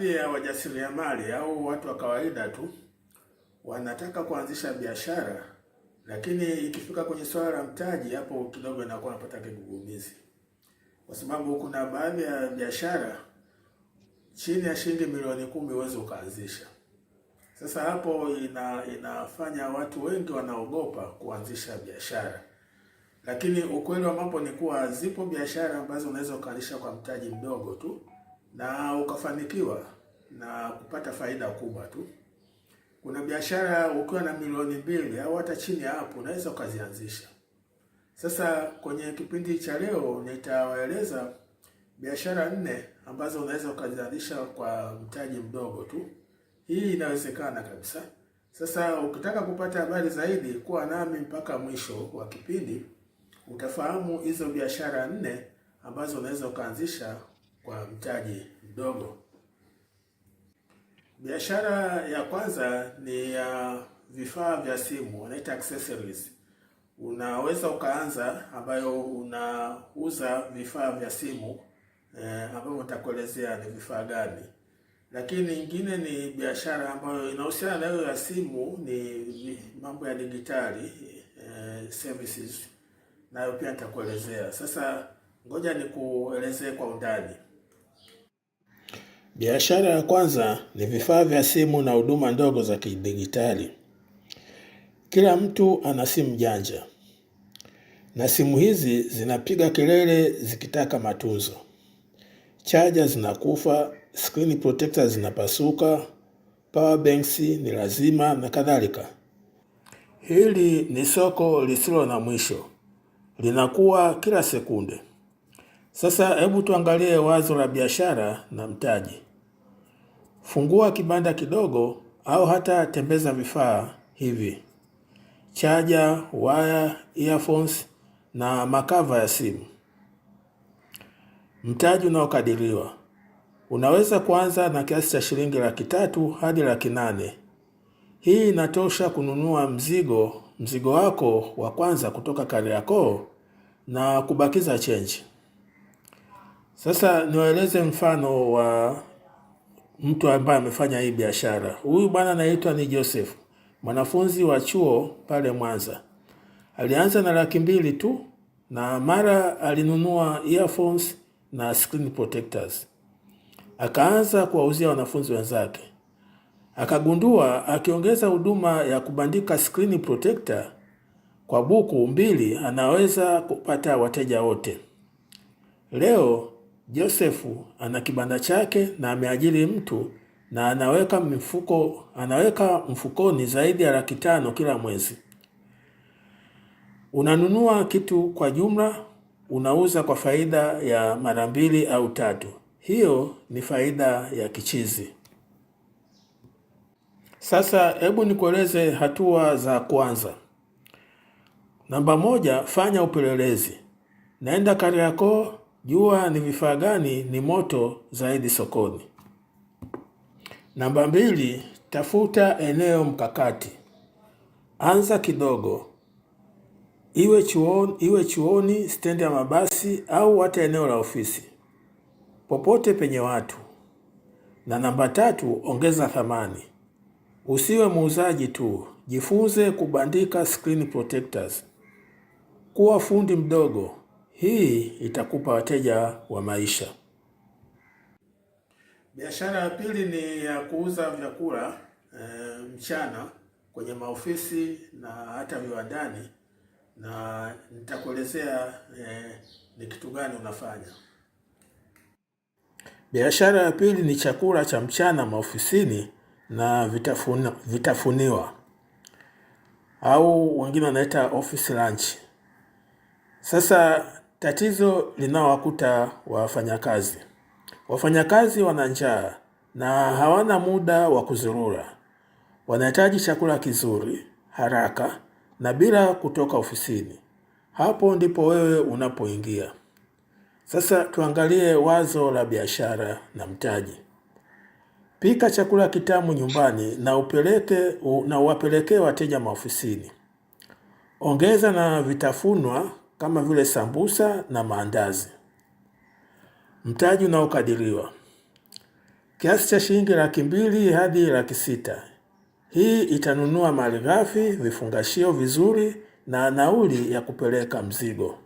baadhi ya wajasiriamali au watu wa kawaida tu wanataka kuanzisha biashara, lakini ikifika kwenye swala la mtaji, hapo kidogo inakuwa napata kigugumizi, kwa sababu kuna baadhi ya biashara chini ya shilingi milioni kumi huwezi ukaanzisha. Sasa hapo ina, inafanya watu wengi wanaogopa kuanzisha biashara, lakini ukweli wa mambo ni kuwa zipo biashara ambazo unaweza ukaanzisha kwa mtaji mdogo tu na ukafanikiwa na kupata faida kubwa tu. Kuna biashara ukiwa na milioni mbili au hata chini ya hapo unaweza ukazianzisha. Sasa kwenye kipindi cha leo nitawaeleza biashara nne ambazo unaweza ukazianzisha kwa mtaji mdogo tu. Hii inawezekana kabisa. Sasa ukitaka kupata habari zaidi, kuwa nami mpaka mwisho wa kipindi, utafahamu hizo biashara nne ambazo unaweza ukaanzisha kwa mtaji mdogo. Biashara ya kwanza ni ya vifaa vya simu, wanaita accessories. Unaweza ukaanza ambayo unauza vifaa vya simu eh, ambayo nitakuelezea ni vifaa gani. Lakini nyingine ni biashara ambayo inahusiana na hiyo ya simu, ni mambo ya digitali eh, services, nayo pia nitakuelezea. Sasa ngoja nikuelezee kwa undani. Biashara ya kwanza ni vifaa vya simu na huduma ndogo za kidigitali. Kila mtu ana simu janja na simu hizi zinapiga kelele zikitaka matunzo. Chaja zinakufa, screen protector zinapasuka, power banks ni lazima na kadhalika. Hili ni soko lisilo na mwisho, linakuwa kila sekunde. Sasa hebu tuangalie wazo la biashara na mtaji. Fungua kibanda kidogo au hata tembeza vifaa hivi: chaja, waya, earphones na makava ya simu. Mtaji unaokadiriwa unaweza kuanza na kiasi cha shilingi laki tatu hadi laki nane. Hii inatosha kununua mzigo mzigo wako wa kwanza kutoka Kariakoo na kubakiza chenji. Sasa niwaeleze mfano wa mtu ambaye amefanya hii biashara. Huyu bwana anaitwa ni Joseph, mwanafunzi wa chuo pale Mwanza. Alianza na laki mbili tu, na mara alinunua earphones na screen protectors, akaanza kuwauzia wanafunzi wenzake. Akagundua akiongeza huduma ya kubandika screen protector kwa buku mbili anaweza kupata wateja wote. Leo Josefu ana kibanda chake na ameajiri mtu na anaweka mifuko, anaweka mfukoni zaidi ya laki tano kila mwezi. Unanunua kitu kwa jumla, unauza kwa faida ya mara mbili au tatu. Hiyo ni faida ya kichizi. Sasa hebu nikueleze hatua za kwanza. Namba moja, fanya upelelezi. Naenda Kariakoo, jua ni vifaa gani ni moto zaidi sokoni. Namba mbili, tafuta eneo mkakati. Anza kidogo, iwe chuoni, iwe chuoni, stendi ya mabasi au hata eneo la ofisi, popote penye watu. Na namba tatu, ongeza thamani. Usiwe muuzaji tu, jifunze kubandika screen protectors. Kuwa fundi mdogo, hii itakupa wateja wa maisha. Biashara ya pili ni ya kuuza vyakula e, mchana kwenye maofisi na hata viwandani, na nitakuelezea e, ni kitu gani unafanya. Biashara ya pili ni chakula cha mchana maofisini na vitafuna, vitafuniwa au wengine wanaita office lunch. Sasa Tatizo linaowakuta wafanyakazi. Wafanyakazi wana njaa na hawana muda wa kuzurura. Wanahitaji chakula kizuri haraka na bila kutoka ofisini. Hapo ndipo wewe unapoingia. Sasa tuangalie wazo la biashara na mtaji. Pika chakula kitamu nyumbani na upeleke na uwapelekee wateja maofisini. Ongeza na vitafunwa kama vile sambusa na maandazi. Mtaji unaokadiriwa kiasi cha shilingi laki mbili hadi laki sita. Hii itanunua malighafi, vifungashio vizuri na nauli ya kupeleka mzigo.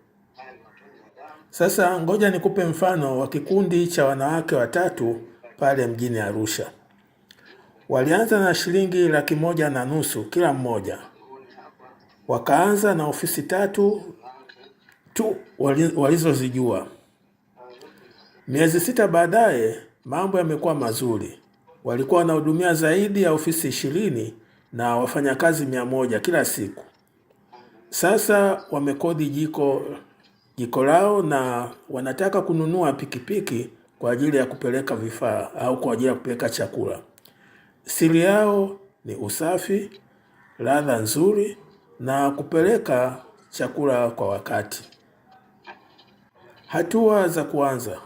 Sasa ngoja nikupe mfano wa kikundi cha wanawake watatu pale mjini Arusha. Walianza na shilingi laki moja na nusu kila mmoja, wakaanza na ofisi tatu tu walizozijua. Miezi sita baadaye, mambo yamekuwa mazuri. Walikuwa wanahudumia zaidi ya ofisi ishirini na wafanyakazi mia moja kila siku. Sasa wamekodi jiko jiko lao na wanataka kununua pikipiki kwa ajili ya kupeleka vifaa au kwa ajili ya kupeleka chakula. Siri yao ni usafi, ladha nzuri na kupeleka chakula kwa wakati. Hatua za kuanza: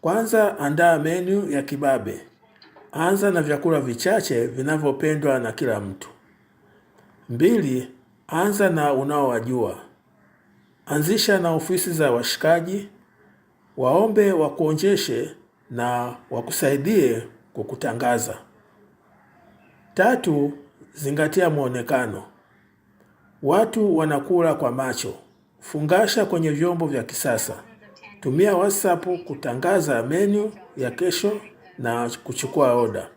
kwanza, andaa menu ya kibabe. Anza na vyakula vichache vinavyopendwa na kila mtu. Mbili, anza na unaowajua. Anzisha na ofisi za washikaji, waombe wakuonjeshe na wakusaidie kukutangaza. Tatu, zingatia mwonekano. Watu wanakula kwa macho. Fungasha kwenye vyombo vya kisasa. Tumia WhatsApp kutangaza menu ya kesho na kuchukua oda.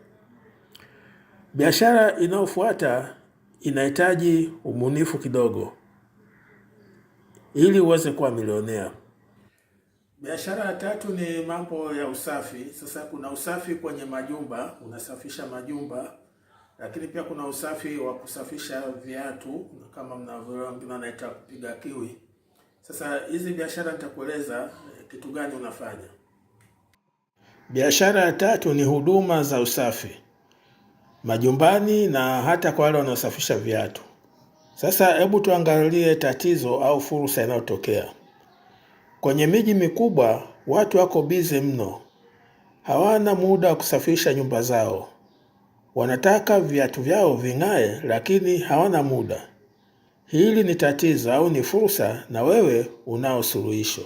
Biashara inayofuata inahitaji ubunifu kidogo ili uweze kuwa milionea. Biashara ya tatu ni mambo ya usafi. Sasa kuna usafi kwenye majumba, unasafisha majumba, lakini pia kuna usafi wa kusafisha viatu kama mnavyoona, wengine wanaita kupiga kiwi sasa hizi biashara nitakueleza eh, kitu gani unafanya. Biashara ya tatu ni huduma za usafi majumbani na hata kwa wale wanaosafisha viatu. Sasa hebu tuangalie tatizo au fursa inayotokea kwenye miji mikubwa. Watu wako bize mno, hawana muda wa kusafisha nyumba zao. Wanataka viatu vyao ving'ae, lakini hawana muda hili ni tatizo au ni fursa, na wewe unao suluhisho.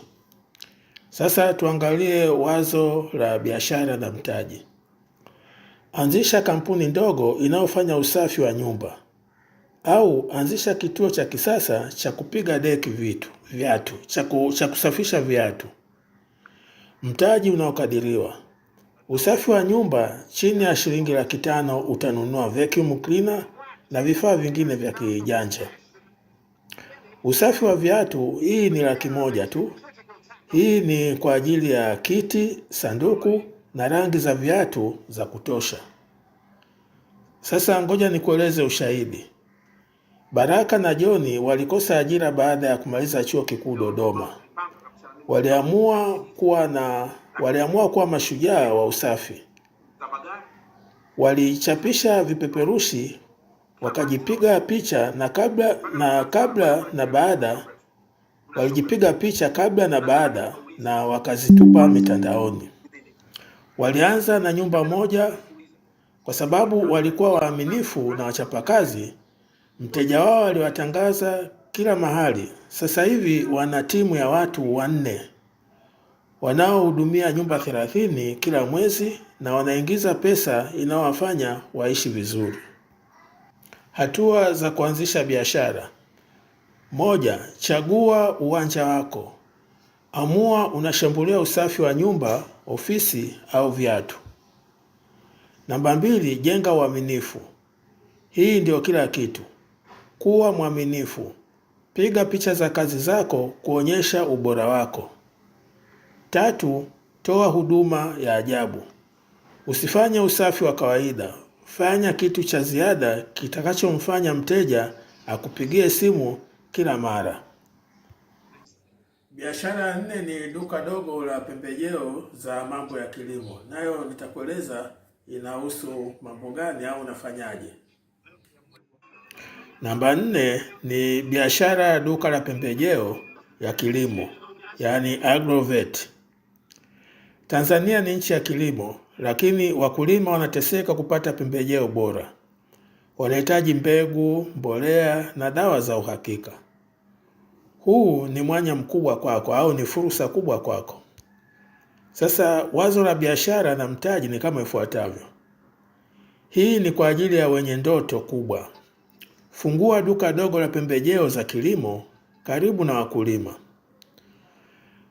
Sasa tuangalie wazo la biashara na mtaji. Anzisha kampuni ndogo inayofanya usafi wa nyumba, au anzisha kituo cha kisasa cha kupiga deki vitu viatu cha kusafisha viatu. Mtaji unaokadiriwa: usafi wa nyumba chini ya shilingi laki tano utanunua vacuum cleaner na vifaa vingine vya kijanja. Usafi wa viatu hii ni laki moja tu. Hii ni kwa ajili ya kiti, sanduku na rangi za viatu za kutosha. Sasa ngoja nikueleze ushahidi. Baraka na Joni walikosa ajira baada ya kumaliza chuo kikuu Dodoma. Waliamua kuwa na waliamua kuwa mashujaa wa usafi. Walichapisha vipeperushi wakajipiga picha na kabla na kabla na baada, walijipiga picha kabla na baada na wakazitupa mitandaoni. Walianza na nyumba moja kwa sababu walikuwa waaminifu na wachapakazi. Mteja wao aliwatangaza kila mahali. Sasa hivi wana timu ya watu wanne wanaohudumia nyumba thelathini kila mwezi na wanaingiza pesa inayowafanya waishi vizuri. Hatua za kuanzisha biashara: moja, chagua uwanja wako. Amua unashambulia usafi wa nyumba, ofisi au viatu. Namba mbili, jenga uaminifu. Hii ndio kila kitu. Kuwa mwaminifu, piga picha za kazi zako kuonyesha ubora wako. Tatu, toa huduma ya ajabu. Usifanye usafi wa kawaida, Fanya kitu cha ziada kitakachomfanya mteja akupigie simu kila mara. Biashara ya nne ni duka dogo la pembejeo za mambo ya kilimo, nayo nitakueleza inahusu mambo gani au unafanyaje. Namba nne ni biashara ya duka la pembejeo ya kilimo, yaani agrovet. Tanzania ni nchi ya kilimo lakini wakulima wanateseka kupata pembejeo bora. Wanahitaji mbegu, mbolea na dawa za uhakika. Huu ni mwanya mkubwa kwako au ni fursa kubwa kwako. Sasa wazo la biashara na mtaji ni kama ifuatavyo. Hii ni kwa ajili ya wenye ndoto kubwa. Fungua duka dogo la pembejeo za kilimo karibu na wakulima.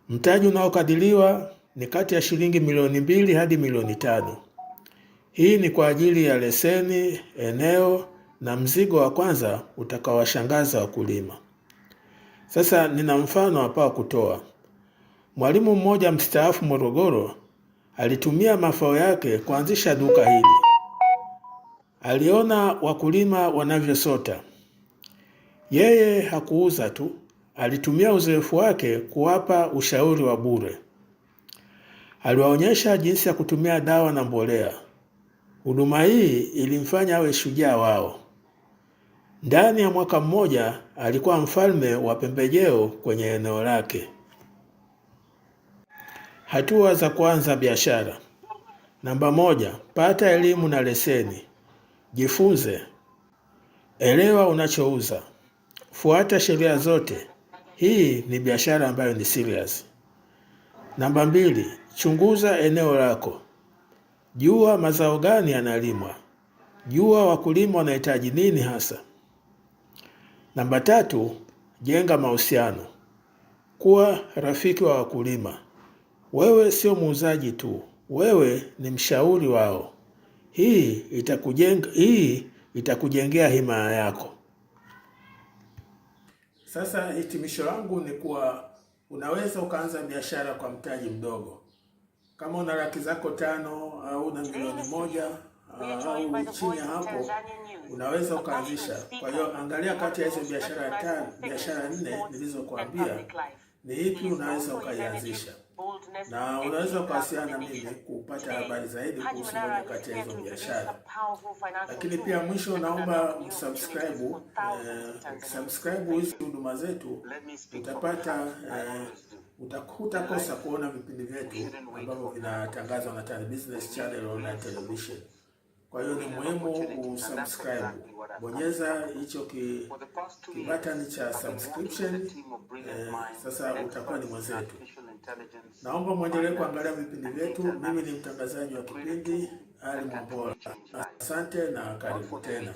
Mtaji unaokadiriwa ni kati ya shilingi milioni mbili hadi milioni tano. Hii ni kwa ajili ya leseni, eneo na mzigo wa kwanza utakaowashangaza wakulima. Sasa nina mfano hapa wa kutoa. Mwalimu mmoja mstaafu Morogoro alitumia mafao yake kuanzisha duka hili. Aliona wakulima wanavyosota. Yeye hakuuza tu, alitumia uzoefu wake kuwapa ushauri wa bure aliwaonyesha jinsi ya kutumia dawa na mbolea. Huduma hii ilimfanya awe shujaa wao. Ndani ya mwaka mmoja alikuwa mfalme wa pembejeo kwenye eneo lake. Hatua za kuanza biashara: namba moja, pata elimu na leseni. Jifunze, elewa unachouza, fuata sheria zote. Hii ni biashara ambayo ni serious. Namba mbili, Chunguza eneo lako, jua mazao gani yanalimwa, jua wakulima wanahitaji nini hasa. Namba tatu, jenga mahusiano, kuwa rafiki wa wakulima. Wewe sio muuzaji tu, wewe ni mshauri wao. Hii itakujenga, hii itakujengea himaya yako. Sasa hitimisho langu ni kuwa unaweza ukaanza biashara kwa mtaji mdogo kama una laki zako tano au una milioni moja au chini ya hapo, unaweza ukaanzisha. Kwa hiyo angalia kati ya hizo biashara tano, biashara nne nilizokuambia ni ipi unaweza ukaianzisha, na unaweza ukawasiliana na mimi kupata habari zaidi kuhusu moja kati ya hizo biashara. Lakini pia mwisho, naomba msubscribe eh, subscribe hizi huduma zetu, utapata eh, utakuta kosa kuona vipindi vyetu ambavyo vinatangazwa na Tan Business Channel online television. Kwa hiyo ni muhimu usubscribe, bonyeza hicho ki, ki button cha subscription eh, sasa utakuwa ni mwenzetu. Naomba mwendelee kuangalia vipindi vyetu. Mimi ni mtangazaji wa kipindi Ali Mwambola, asante na karibu tena.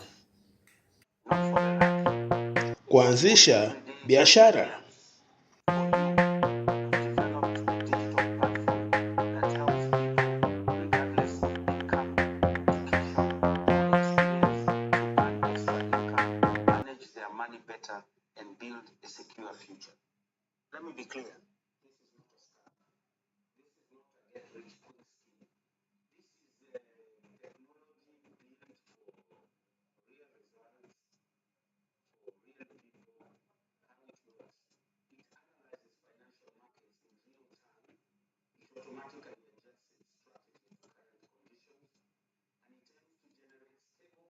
Kuanzisha biashara Let me be clear.